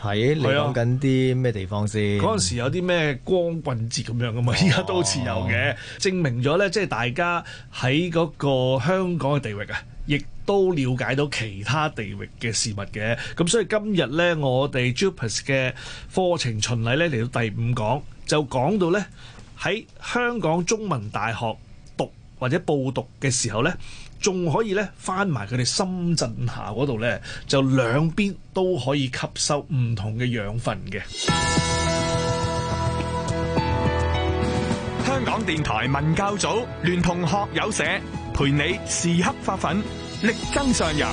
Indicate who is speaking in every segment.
Speaker 1: 係，你講緊啲咩地方先？嗰陣、
Speaker 2: 啊、時有啲咩光棍節咁樣嘅嘛，依家都好似有嘅，哦、證明咗呢，即係大家喺嗰個香港嘅地域啊，亦都了解到其他地域嘅事物嘅。咁所以今日呢，我哋 JUPAS 嘅課程巡禮呢，嚟到第五講，就講到呢，喺香港中文大學。或者報讀嘅時候咧，仲可以咧翻埋佢哋深圳下嗰度咧，就兩邊都可以吸收唔同嘅養分嘅。香港電台文教組聯同學友社，陪你時刻發奮，力爭上游。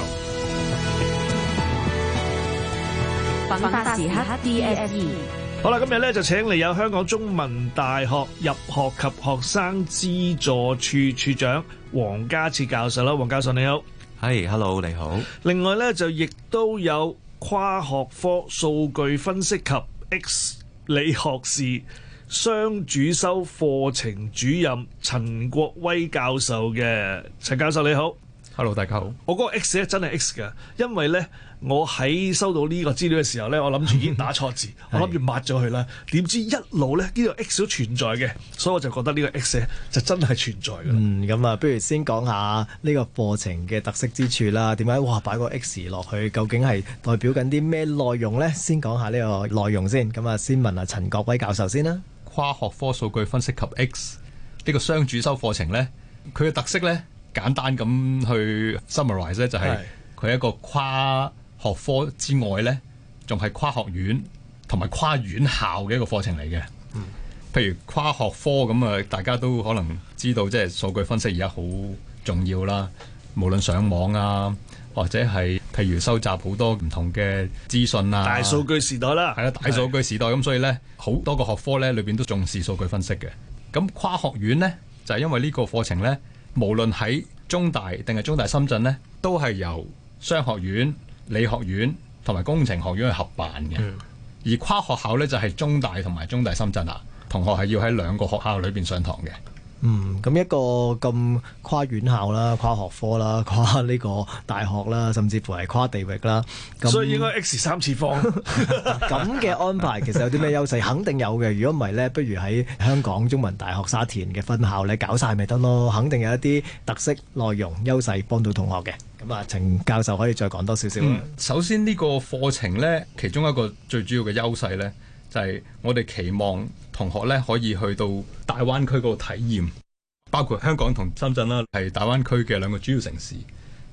Speaker 3: 奮發時刻 DSE。
Speaker 2: 好啦，今日咧就請嚟有香港中文大學入學及學生資助處處長王家徹教授啦，王教授你好，係，hello，你好。另外咧就亦都有跨學科數據分析及 X 理學士雙主修課程主任陳國威教授嘅，陳教授你好。Hello，大家好。我嗰個 X 咧真係 X 嘅，因為咧我喺收到呢個資料嘅時候咧，我諗住已經打錯字， 是我諗住抹咗佢啦。點知一路
Speaker 1: 咧呢個 X 都存在嘅，所以我就覺得呢個 X 咧就真係存在嘅。嗯，咁啊，不如先講下呢個課程嘅特色之處啦。點解哇擺個 X 落去，究竟係代表緊啲咩內容咧？先講下呢個內容先。咁啊，先問下陳國威教授先啦。
Speaker 4: 跨學科數據分析及 X 呢個雙主修課程咧，佢嘅特色咧？簡單咁去 summarize 咧，就係佢一個跨學科之外咧，仲係跨學院同埋跨院校嘅一個課程嚟嘅。嗯，譬如跨學科咁啊，大家都可能知道，即係數據分析而家好重要啦。無論上網啊，或者係譬如收集好多唔同嘅資訊啊，大數據時代啦，係啊，大數據時代咁，所以咧好多個學科咧裏邊都重視數據分析嘅。咁跨學院咧，就係因為呢個課程咧。無論喺中大定係中大深圳呢，都係由商學院、理學院同埋工程學院去合辦嘅。而跨學校呢，就係中大同埋中大深圳喇，同學係要喺兩個學校裏邊上堂嘅。
Speaker 1: 嗯，咁一個咁跨院校啦、跨學科啦、跨呢個大學啦，甚至乎係跨地域啦，咁所以應該
Speaker 2: X 三次方，
Speaker 1: 咁嘅安排，其實有啲咩優勢？ 肯定有嘅，如果唔係呢，不如喺香港中文大學沙田嘅分校呢搞晒咪得咯，肯定有一啲特色內容優勢幫到同學嘅。咁啊，程教授可以再講多少少、嗯？
Speaker 4: 首先呢個課程呢，其中一個最主要嘅優勢呢，就係、是、我哋期望。同學咧可以去到大灣區嗰度體驗，包括香港同深圳啦，係大灣區嘅兩個主要城市。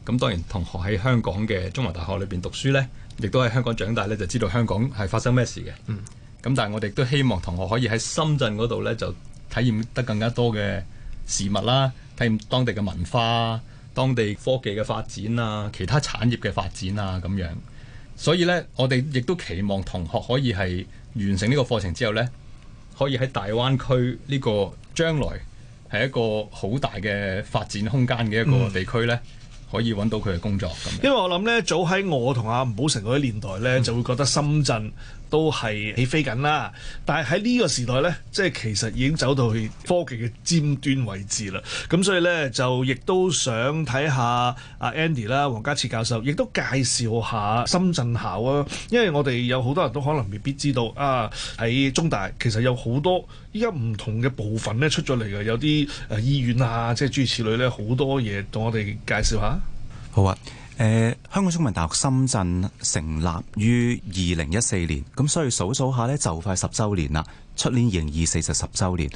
Speaker 4: 咁當然同學喺香港嘅中文大學裏邊讀書呢，亦都喺香港長大呢，就知道香港係發生咩事嘅。咁、嗯、但係我哋都希望同學可以喺深圳嗰度呢，就體驗得更加多嘅事物啦、啊，體驗當地嘅文化、當地科技嘅發展啊，其他產業嘅發展啊，咁樣。所以呢，我哋亦都期望同學可以係完成呢個課程之後呢。可以喺大灣區呢個將來係一個好大嘅發展空間嘅一個地區，呢可以揾到佢嘅工作，嗯。
Speaker 2: 因為我諗呢，早喺我同阿吳寶成嗰啲年代呢，就會覺得深圳。都係起飛緊啦，但係喺呢個時代呢，即係其實已經走到去科技嘅尖端位置啦。咁所以呢，就亦都想睇下阿 Andy 啦，王家徹教授，亦都介紹下深圳校啊。因為我哋有好多人都可能未必，必知道啊，喺中大其實有好多依家唔同嘅部分呢出咗嚟嘅，有啲誒醫院啊，即係諸如此類呢，好多嘢同我哋介紹下。
Speaker 3: 好啊。誒，香港中文大學深圳成立於二零一四年，咁所以數數下呢，就快十週年啦。出年二零二四就十週年。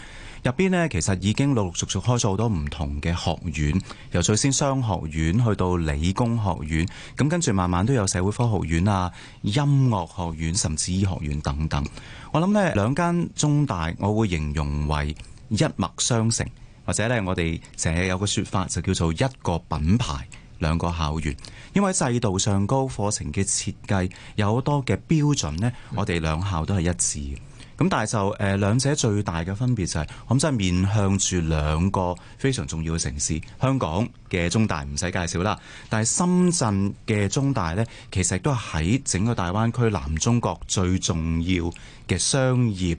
Speaker 3: 入邊呢，其實已經陸陸續續開咗好多唔同嘅學院，由最先商學院去到理工學院，咁跟住慢慢都有社會科學院啊、音樂學院、甚至醫學院等等。我諗呢兩間中大，我會形容為一脈相承，或者呢，我哋成日有個說法就叫做一個品牌，兩個校園，因為制度上高課程嘅設計有好多嘅標準呢，我哋兩校都係一致。咁但係就誒、呃、兩者最大嘅分別就係、是，我諗真係面向住兩個非常重要嘅城市，香港嘅中大唔使介紹啦。但係深圳嘅中大呢，其實亦都喺整個大灣區南中國最重要嘅商業、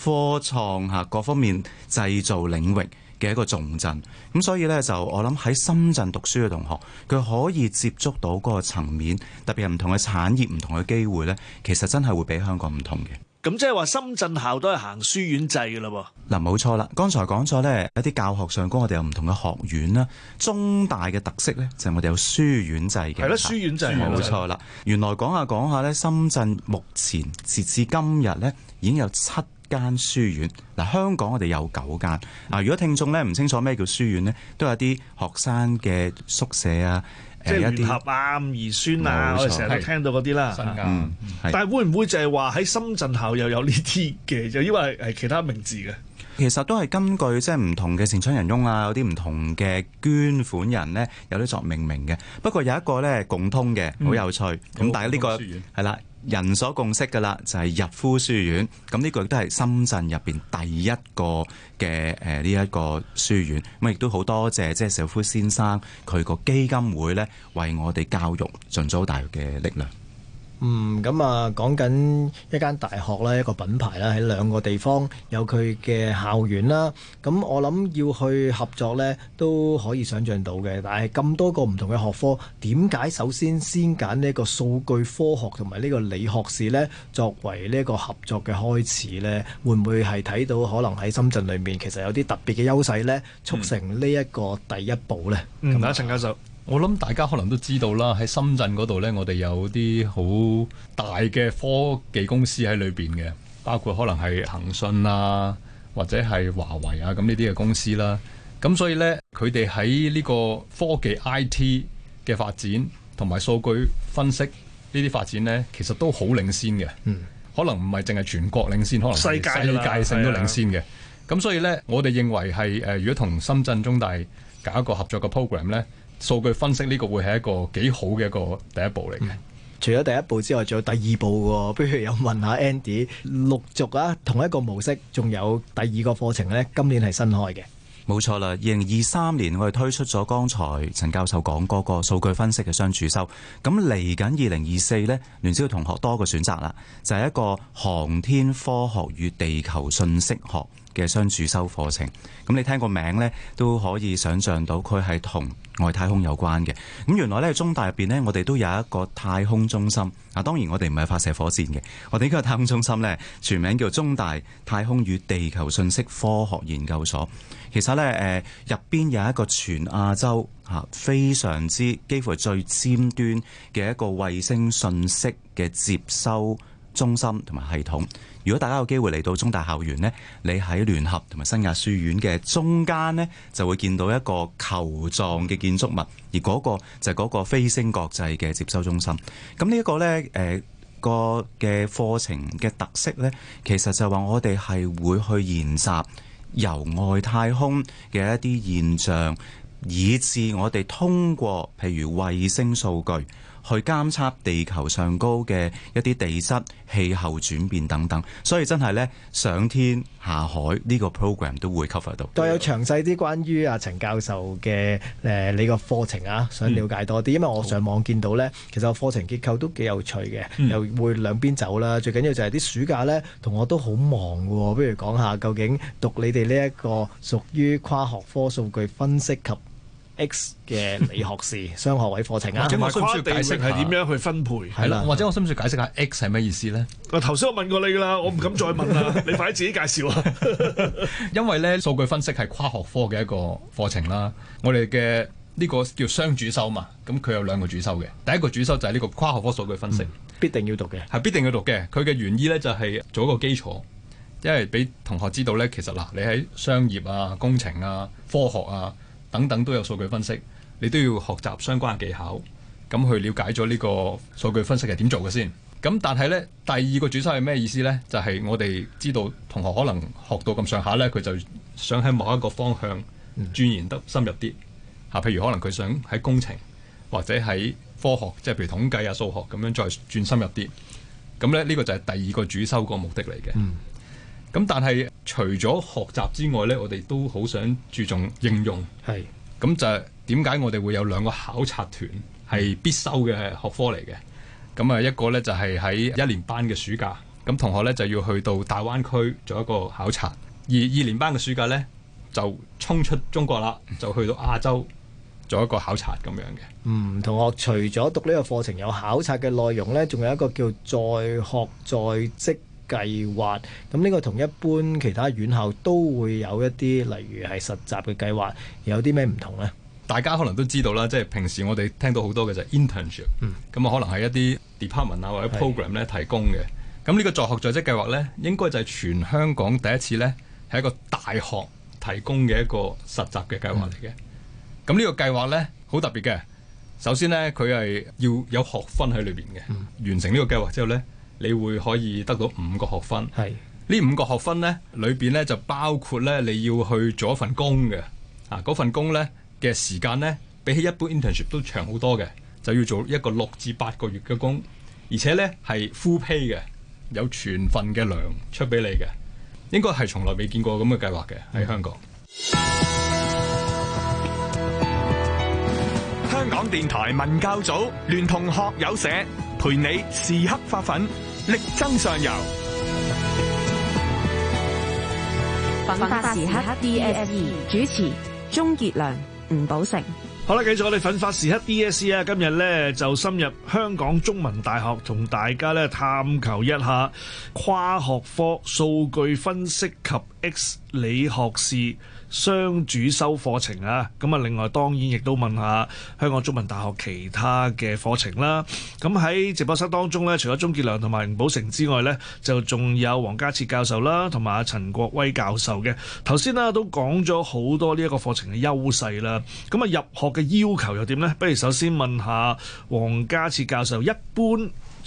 Speaker 3: 科創嚇各方面、製造領域，嘅一個重鎮，咁所以呢，就我諗喺深圳讀書嘅同學，佢可以接觸到嗰個層面，特別係唔同嘅產業、唔同嘅機會呢，其實真係會比香港唔同嘅。
Speaker 2: 咁即係話深圳校都係行書院制嘅嘞喎。
Speaker 3: 嗱，冇錯啦，剛才講咗呢，一啲教學上高，我哋有唔同嘅學院啦，中大嘅特色呢，就係我哋有書院制嘅。係啦的，書院制冇錯啦。的原來講下講下呢，深圳目前截至今日呢，已經有七間書院嗱，香港我哋有九間。啊，如果聽眾咧唔清楚咩叫書院咧，都有啲學生嘅宿舍啊，誒，聯合
Speaker 2: 啊，伍宜孫啊，我哋成日都聽到嗰啲啦。新噶，但係會唔會就係話喺深圳校又有呢啲嘅？就因為係其他名字嘅，
Speaker 3: 其實都係根據即係唔同嘅善長人翁啊，有啲唔同嘅捐款人咧，有啲作命名嘅。不過有一個咧共通嘅，好有趣。咁但係呢個書院係啦。人所共識噶啦，就係、是、逸夫書院。咁呢個亦都係深圳入面第一個嘅呢一個書院。咁亦都好多謝即係邵逸夫先生佢個基金會咧，為我哋教育盡咗好大嘅力量。
Speaker 1: 嗯，咁啊，講緊一間大學啦，一個品牌啦，喺兩個地方有佢嘅校園啦。咁我諗要去合作呢，都可以想像到嘅。但係咁多個唔同嘅學科，點解首先先揀呢個數據科學同埋呢個理學士呢？作為呢個合作嘅開始呢，會唔會係睇到可能喺深圳裏面其實有啲特別嘅優勢呢？促成呢一個第一步呢？咁，
Speaker 4: 阿陳教授。我諗大家可能都知道啦，喺深圳嗰度呢，我哋有啲好大嘅科技公司喺裏邊嘅，包括可能係騰訊啊，或者係華為啊，咁呢啲嘅公司啦。咁所以呢，佢哋喺呢個科技 IT 嘅發展同埋數據分析呢啲發展呢，其實都好領先嘅。嗯，可能唔係淨係全國領先，可能世界，世界性都領先嘅。咁的所以呢，我哋認為係誒、呃，如果同深圳中大搞一個合作嘅 program 呢。數據分析呢個會係一個幾好嘅一個第一步嚟嘅，嗯。除咗第一步
Speaker 1: 之外，仲有第二步嘅，不如有問下 Andy，陸續啊同一個模式，仲有
Speaker 3: 第二個課程呢。今年係新開嘅。冇錯啦，二零二三年我哋推出咗剛才陳教授講嗰個數據分析嘅雙主修。咁嚟緊二零二四呢，聯招同學多個選擇啦，就係、是、一個航天科學與地球信息學嘅雙主修課程。咁你聽個名呢，都可以想象到佢係同。外太空有關嘅。咁，原來咧，中大入邊呢，我哋都有一個太空中心。啊，當然我哋唔係發射火箭嘅，我哋呢個太空中心呢，全名叫中大太空與地球信息科學研究所。其實呢，誒入邊有一個全亞洲吓非常之幾乎係最尖端嘅一個衛星信息嘅接收。中心同埋系統，如果大家有機會嚟到中大校園咧，你喺聯合同埋新亞書院嘅中間咧，就會見到一個球狀嘅建築物，而嗰個就係嗰個飛星國際嘅接收中心。咁呢一個咧，誒個嘅課程嘅特色咧，其實就話我哋係會去研習由外太空嘅一啲現象，以至我哋通過譬如衛星數據。去監測地球上高嘅一啲地質、氣候轉變等等，所以真係呢，上天下海呢個 program 都會 cover 到。
Speaker 1: 再有詳細啲關於阿陳教授嘅誒、呃、你個課程啊，想了解多啲，嗯、因為我上網見到呢，好其實個課程結構都幾有趣嘅，嗯、又會兩邊走啦。最緊要就係啲暑假呢，同學都好忙嘅喎、哦。不如講下究竟讀你哋呢一個屬於跨學科數據分析及？X
Speaker 4: 嘅理學士雙 學位課程啊，或者我需唔需要解釋係點
Speaker 2: 樣去分配？係啦了，了
Speaker 4: 或者我需唔需解釋下 X 係咩意思咧？
Speaker 2: 頭先我問過你啦，我唔敢再問啦， 你快啲自己介紹啊！
Speaker 4: 因為咧，數據分析係跨學科嘅一個課程啦，我哋嘅呢個叫雙主修嘛，咁佢有兩個主修嘅，第一個主修就係呢個跨學科數據分析，嗯，必定要讀嘅，係必定要讀嘅。佢嘅原意咧就係做一個基礎，因為俾同學知道咧，其實嗱，你喺商業啊、工程啊、科學啊，等等都有數據分析，你都要學習相關技巧，咁去了解咗呢個數據分析係點做嘅先。咁但係呢，第二個主修係咩意思呢？就係、是、我哋知道同學可能學到咁上下呢，佢就想喺某一個方向鑽研得深入啲。吓譬、嗯、如可能佢想喺工程或者喺科學，即係譬如統計啊、數學咁樣再轉深入啲。咁咧，呢個就係第二個主修個目的嚟嘅。嗯咁但係除咗學習之外呢，我哋都好想注重應用。係是，咁就點點解我哋會有兩個考察團係必修嘅學科嚟嘅？咁啊，一個呢就係喺一年班嘅暑假，咁同學呢就要去到大灣區做一個考察；而二年班嘅暑假呢，就衝出中國啦，就去到亞洲做一個考察咁樣嘅。
Speaker 1: 嗯，同學，除咗讀呢個課程有考察嘅內容呢，仲有一個叫在學在職。計劃，咁呢個同一般其他
Speaker 4: 院校都會有一啲，例如係實習嘅計劃，
Speaker 1: 有啲咩唔同呢？
Speaker 4: 大家可能都知道啦，即係平時我哋聽到好多嘅就係 internship，咁啊、嗯、可能係一啲 department 啊或者 program 咧是提供嘅。咁呢個助學助職計劃呢，應該就係全香港第一次呢係一個大學提供嘅一個實習嘅計劃嚟嘅。咁呢、嗯、個計劃呢，好特別嘅，首先呢，佢係要有學分喺裏邊嘅，嗯、完成呢個計劃之後呢，你會可以得到五個學分，呢是五個學分呢裏邊呢，面就包括咧你要去做一份工嘅，啊嗰份工呢嘅時間呢，比起一般 internship 都長好多嘅，就要做一個六至八個月嘅工，而且呢係 full 批嘅，有全份嘅糧出俾你嘅，應該係從來未見過咁嘅計劃嘅喺香港。香港電台文教組聯同學友社，陪你時
Speaker 2: 刻發奮。力爭上游。
Speaker 3: 奮發時刻 DSE 主持鍾杰良、吳寶成。
Speaker 2: 好啦，繼續我哋奮發時刻 DSE 啊！今日咧就深入香港中文大學，同大家咧探求一下跨學科數據分析及 X 理學士。雙主修課程啊，咁啊，另外當然亦都問下香港中文大學其他嘅課程啦。咁喺直播室當中呢，除咗鍾傑良同埋吳寶成之外呢，就仲有王家徹教授啦，同埋陳國威教授嘅。頭先啦都講咗好多呢一個課程嘅優勢啦。咁啊入學嘅要求又點呢？不如首先問下王家徹教授，一般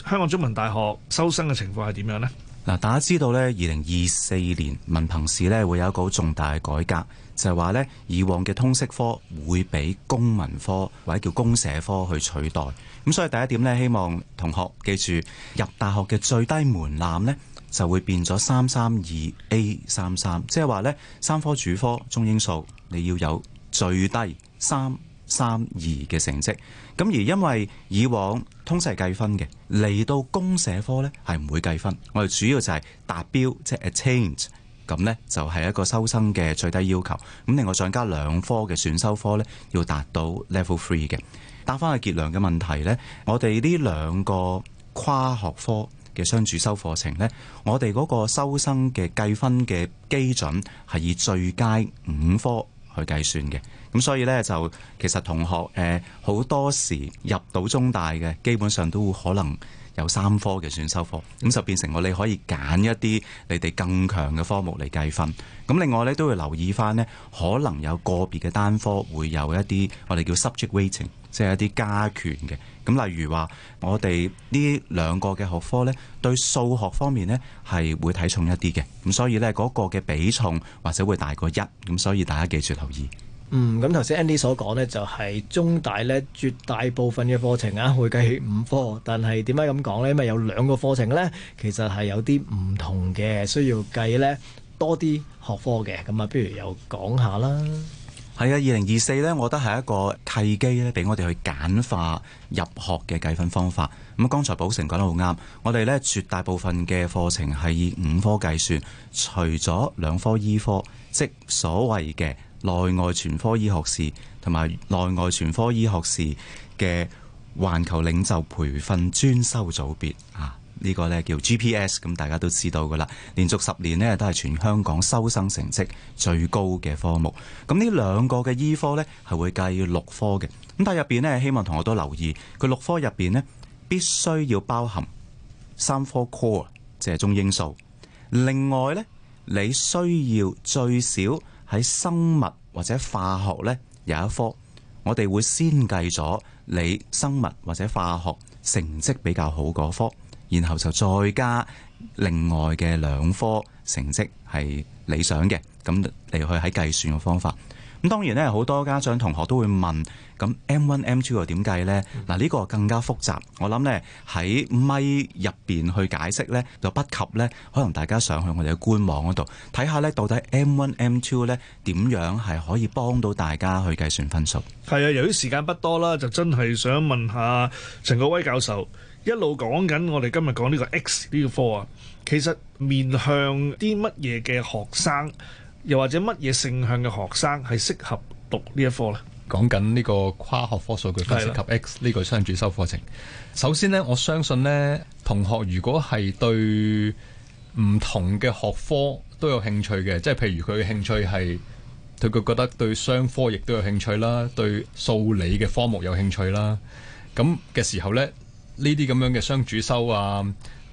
Speaker 2: 香港
Speaker 3: 中文大學收生嘅情況係點樣呢？嗱，大家知道呢二零二四年文憑試呢會有一個好重大嘅改革，就係話呢以往嘅通識科會俾公民科或者叫公社科去取代。咁所以第一點呢，希望同學記住，入大學嘅最低門檻呢，就會變咗三三二 A 三三，即係話呢三科主科中英數你要有最低三。三二嘅成績，咁而因為以往通識係計分嘅，嚟到公社科呢，係唔會計分，我哋主要就係達標，即係 attain 咁呢就係、是就是、一個收生嘅最低要求。咁另外再加兩科嘅選修科呢，要達到 level three 嘅。答翻阿傑亮嘅問題呢，我哋呢兩個跨學科嘅雙主修課程呢，我哋嗰個收生嘅計分嘅基準係以最佳五科，去計算嘅，咁所以呢，就其實同學誒好、呃、多時入到中大嘅，基本上都可能有三科嘅選修科，咁就變成我哋可以揀一啲你哋更強嘅科目嚟計分。咁另外呢，都會留意翻呢，可能有個別嘅單科會有一啲我哋叫 subject weighting 即係一啲加權嘅。咁例如話，我哋呢兩個嘅學科呢，對數學方面呢係會睇重一啲嘅，咁所以呢嗰個嘅比重或者會大過一，咁所以大家記住留意。
Speaker 1: 嗯，咁頭先 Andy 所講呢，就係中大呢絕大部分嘅課程啊會計五科，但係點解咁講呢？因為有兩個課程呢，其實係有啲唔同嘅，需要計呢多啲學科嘅，咁啊，不如又講
Speaker 3: 下啦。係啊，二零二四呢，我覺得係一個契機呢俾我哋去簡化入學嘅計分方法。咁剛才寶成講得好啱，我哋呢絕大部分嘅課程係以五科計算，除咗兩科醫科，即所謂嘅內外全科醫學士同埋內外全科醫學士嘅環球領袖培訓專修組別啊。呢個咧叫 GPS，咁大家都知道噶啦，連續十年咧都係全香港收生成績最高嘅科目。咁呢兩個嘅醫科呢，係會計六科嘅。咁但係入邊呢，希望同學都留意佢六科入邊呢，必須要包含三科 core，即係中英數。另外呢，你需要最少喺生物或者化學呢有一科。我哋會先計咗你生物或者化學成績比較好嗰科。然後就再加另外嘅兩科成績係理想嘅，咁嚟去喺計算嘅方法。咁當然呢，好多家長同學都會問，咁 M1、M2 又點計呢？嗱呢個更加複雜，我諗呢，喺咪入面去解釋呢，就不及呢，可能大家上去我哋嘅官網嗰度睇下呢，到底 M1、M2 呢點樣係可以幫到大家去計算分數。
Speaker 2: 係啊，由於時間不多啦，就真係想問下陳國威教授。一路講緊，我哋今日講呢個 X 呢個科啊，其實面向啲乜嘢嘅學生，
Speaker 4: 又或者乜嘢性向嘅學生係適合讀呢一科呢？講緊呢個跨學科數據分析及 X 呢個雙主修課程。的首先呢，我相信呢同學如果係對唔同嘅學科都有興趣嘅，即係譬如佢嘅興趣係佢佢覺得對商科亦都有興趣啦，對數理嘅科目有興趣啦，咁嘅時候呢。呢啲咁樣嘅雙主修啊、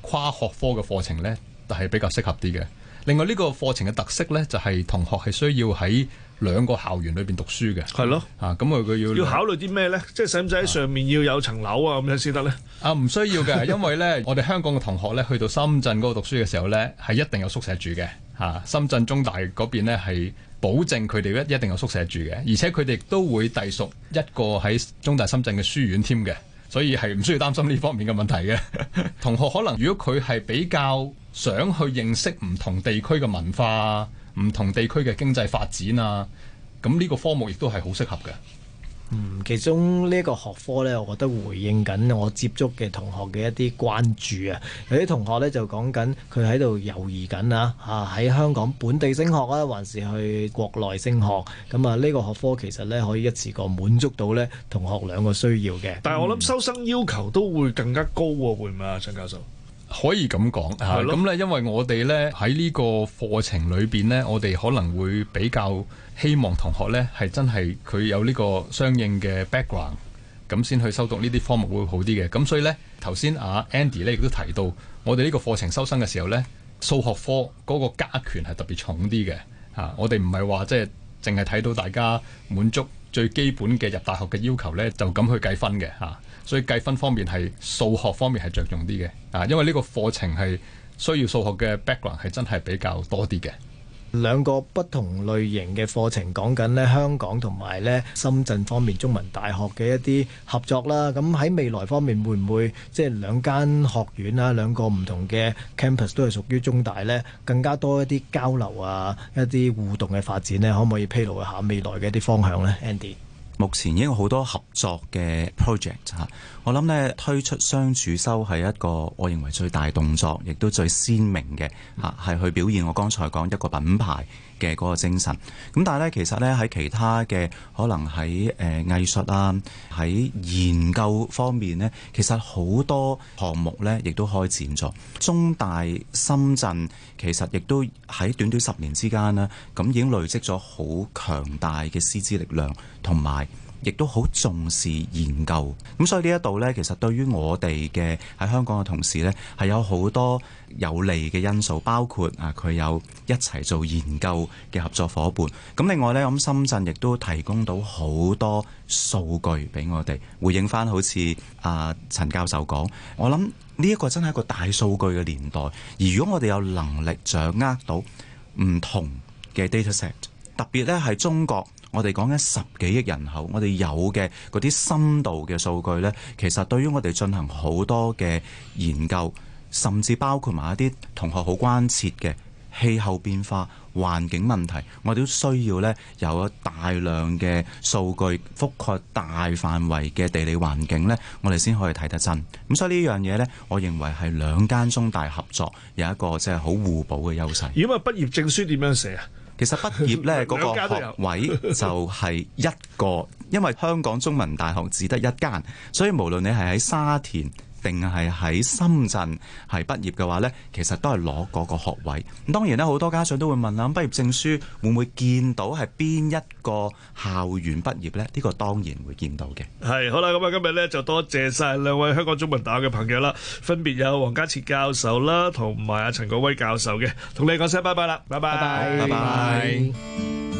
Speaker 4: 跨學科嘅課程呢，就係比較適合啲嘅。另外呢個課程嘅特色呢，就係、是、同學係需要喺兩個校園裏邊讀書嘅。係咯，啊，咁啊，佢要要考
Speaker 2: 慮啲咩呢？即係使唔使喺上面要有層樓啊？咁樣先得呢？
Speaker 4: 啊，唔、啊、需要嘅，因為呢， 我哋香港嘅同學呢，去到深圳嗰度讀書嘅時候呢，係一定有宿舍住嘅。嚇、啊，深圳中大嗰邊呢係保證佢哋一一定有宿舍住嘅，而且佢哋都會隸屬一個喺中大深圳嘅書院添嘅。所以係唔需要擔心呢方面嘅問題嘅。同學，可能如果佢係比較想去認識唔同地區嘅文化、唔同地區嘅經濟發展啊，噉呢個科目亦都係好適合嘅。
Speaker 1: 嗯，其中呢個學科呢，我覺得回應緊我接觸嘅同學嘅一啲關注啊，有啲同學呢，就講緊佢喺度猶豫緊啊，喺香港本地升學啊，還是去國內升學？咁啊，呢個學科其實呢，可以一次過滿足到呢同學兩個需要嘅。但我諗收生要求都會更加高喎，啊，會唔會啊，陳教授？
Speaker 4: 可以咁講嚇，咁咧的、啊，因為我哋咧喺呢個課程裏邊咧，我哋可能會比較希望同學咧係真係佢有呢個相應嘅 background，咁先去修讀呢啲科目會好啲嘅。咁、啊、所以咧，頭先啊 Andy 咧亦都提到，我哋呢個課程收生嘅時候咧，數學科嗰個加權係特別重啲嘅嚇。我哋唔係話即係淨係睇到大家滿足最基本嘅入大學嘅要求咧，就咁去計分嘅嚇。啊。所以計分方面係數學方面係着重啲嘅，啊，因為呢個課程係需要數學嘅 background 係真係比較多啲嘅。兩
Speaker 1: 個不同類型嘅課程講緊呢，香港同埋呢深圳方面中文大學嘅一啲合作啦，咁喺未來方面會唔會即係、就是、兩間學院啦，兩個唔同嘅 campus 都係屬於中大呢，更加多一啲交流啊，一啲互
Speaker 3: 動嘅發展呢，可唔可以披露一下未來嘅一啲方向呢？Andy 目前已經有好多合作嘅 project 吓。我諗咧推出雙主修係一個我認為最大動作，亦都最鮮明嘅吓，係去表現我剛才講一個品牌嘅嗰個精神。咁但係咧，其實咧喺其他嘅可能喺誒藝術啊，喺研究方面呢，其實好多項目呢亦都開展咗。中大深圳其實亦都喺短短十年之間呢，咁已經累積咗好強大嘅師資力量同埋。亦都好重視研究，咁所以呢一度呢，其實對於我哋嘅喺香港嘅同事呢，係有好多有利嘅因素，包括啊佢有一齊做研究嘅合作伙伴。咁另外呢，我諗深圳亦都提供到好多數據俾我哋回應返。好似啊陳教授講，我諗呢一個真係一個大數據嘅年代，而如果我哋有能力掌握到唔同嘅 data set，特別呢係中國。我哋講緊十幾億人口，我哋有嘅嗰啲深度嘅數據呢，其實對於我哋進行好多嘅研究，甚至包括埋一啲同學好關切嘅氣候變化、環境問題，我哋都需要呢有大量嘅數據覆蓋大範圍嘅地理環境呢，我哋先可以睇得真。咁所以呢樣嘢呢，我認為係兩間中大合作有一個即係好互補嘅優勢。如
Speaker 2: 果畢業證書點樣寫啊？
Speaker 3: 其實畢業呢個學位就係一個，因為香港中文大學只得一間，所以無論你係喺沙田，定係喺深圳係畢業嘅話咧，其實都係攞嗰個學位。咁當然咧，好多家長都會問啦，畢業證書會唔會見到係邊一個校園畢業咧？呢個當然會見到嘅。
Speaker 2: 係好啦，咁啊，今日咧就多謝晒兩位香港中文大學嘅朋友啦，分別有王家徹教授啦，同埋啊陳國威教授嘅，同你講聲拜拜啦，拜拜，拜拜。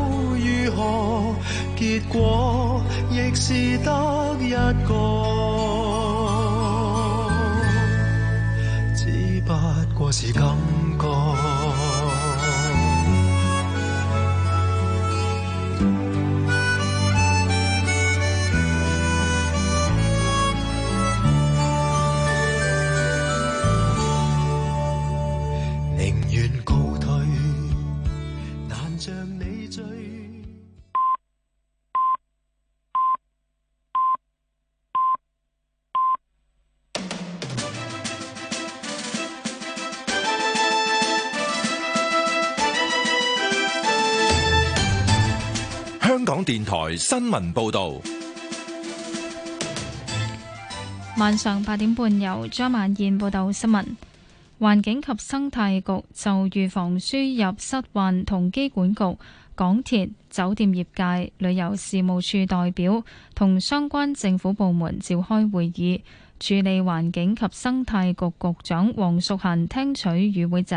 Speaker 5: 如何，結果亦是得一個，只不過是感覺。
Speaker 4: 電台新聞報道：
Speaker 6: 晚上八點半，由張曼燕報道新聞。環境及生態局就預防輸入失運同機管局、港鐵、酒店業界、旅遊事務署代表同相關政府部門召開會議。處理環境及生態局局長黃淑嫻聽取與會者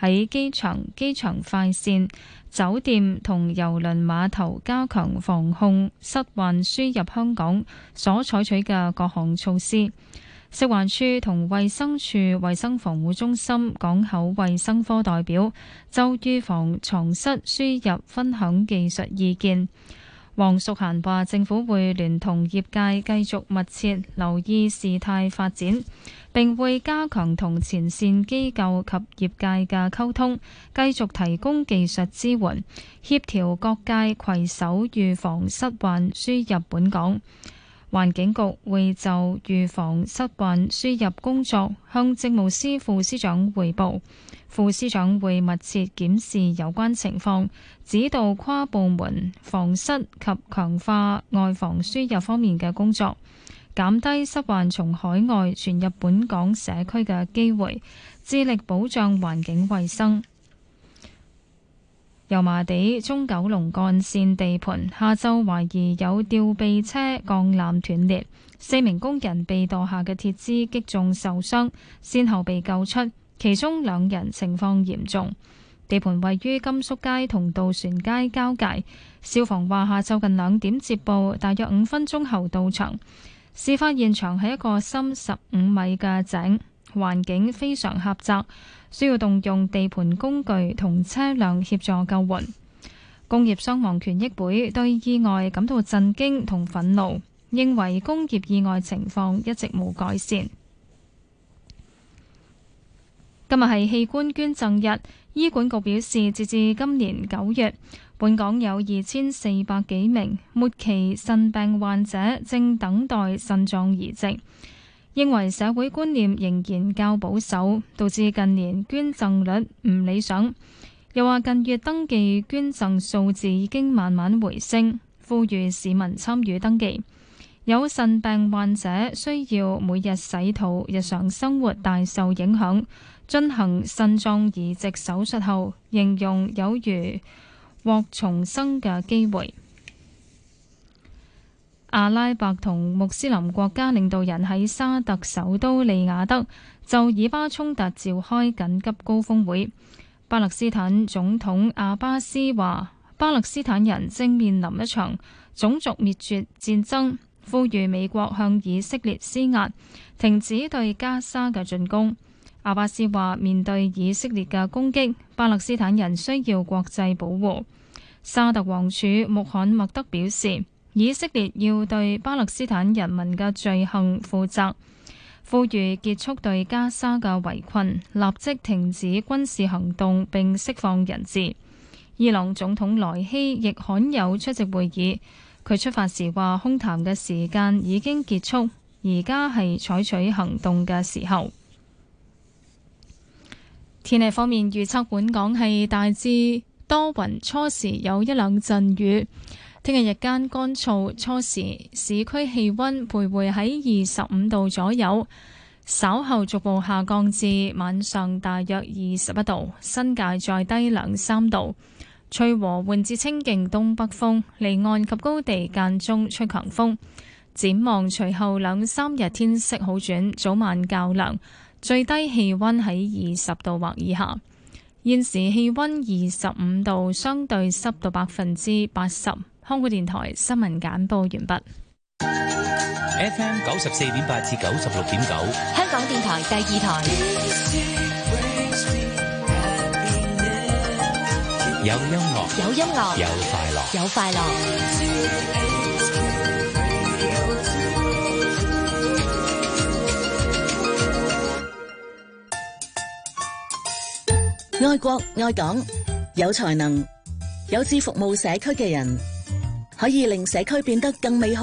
Speaker 6: 喺機場、機場快線、酒店同郵輪碼頭加強防控床蝨輸入香港所採取嘅各項措施。食環署同衛生署衛生防護中心港口衛生科代表就預防床蝨輸入分享技術意見。黃淑嫻話：政府會聯同業界繼續密切留意事態發展，並會加強同前線機構及業界嘅溝通，繼續提供技術支援，協調各界攜手預防失患輸入本港。環境局會就預防失患輸入工作向政務司副司長匯報。副司長會密切檢視有關情況，指導跨部門防鼠及強化外防輸入方面嘅工作，減低鼠患從海外傳入本港社區嘅機會，致力保障環境衛生。油麻地中九龍幹線地盤下晝懷疑有吊臂車鋼纜斷裂，四名工人被墮下嘅鐵枝擊中受傷，先後被救出。其中兩人情況嚴重，地盤位於甘肅街同渡船街交界。消防話：下晝近兩點接報，大約五分鐘後到場。事發現場係一個深十五米嘅井，環境非常狹窄，需要動用地盤工具同車輛協助救援。工業傷亡權益會對意外感到震驚同憤怒，認為工業意外情況一直冇改善。今日係器官捐贈日，醫管局表示，截至今年九月，本港有二千四百幾名末期腎病患者正等待腎臟移植。認為社會觀念仍然較保守，導致近年捐贈率唔理想。又話近月登記捐贈數字已經慢慢回升，呼籲市民參與登記。有腎病患者需要每日洗肚，日常生活大受影響。進行腎臟移植手術後，形容有如獲重生嘅機會。阿拉伯同穆斯林國家領導人喺沙特首都利雅德就以巴衝突召開緊急高峰會。巴勒斯坦總統阿巴斯話：巴勒斯坦人正面臨一場種族滅絕戰爭，呼籲美國向以色列施壓，停止對加沙嘅進攻。阿巴斯話：面對以色列嘅攻擊，巴勒斯坦人需要國際保護。沙特王儲穆罕默德表示，以色列要對巴勒斯坦人民嘅罪行負責，呼籲結束對加沙嘅圍困，立即停止軍事行動並釋放人質。伊朗總統萊希亦罕有出席會議，佢出發時話：空談嘅時間已經結束，而家係採取行動嘅時候。天氣方面預測，本港係大致多雲，初時有一兩陣雨。聽日日間乾燥，初時市區氣温徘徊喺二十五度左右，稍後逐步下降至晚上大約二十一度，新界再低兩三度。吹和緩至清勁東北風，離岸及高地間中吹強風。展望隨後兩三日天色好轉，早晚較涼。最低氣温喺二十度或以下，現時氣温二十五度，相對濕度百分之八十。香港電台新聞簡報完畢。
Speaker 5: FM
Speaker 3: 九十四點八至九十六點九，
Speaker 5: 香港電台第二台。
Speaker 3: 有音樂，有音樂，有快樂，
Speaker 5: 有快樂。
Speaker 4: 愛國愛港，有才能、有志服務社區嘅人，可以令社區變得更美好。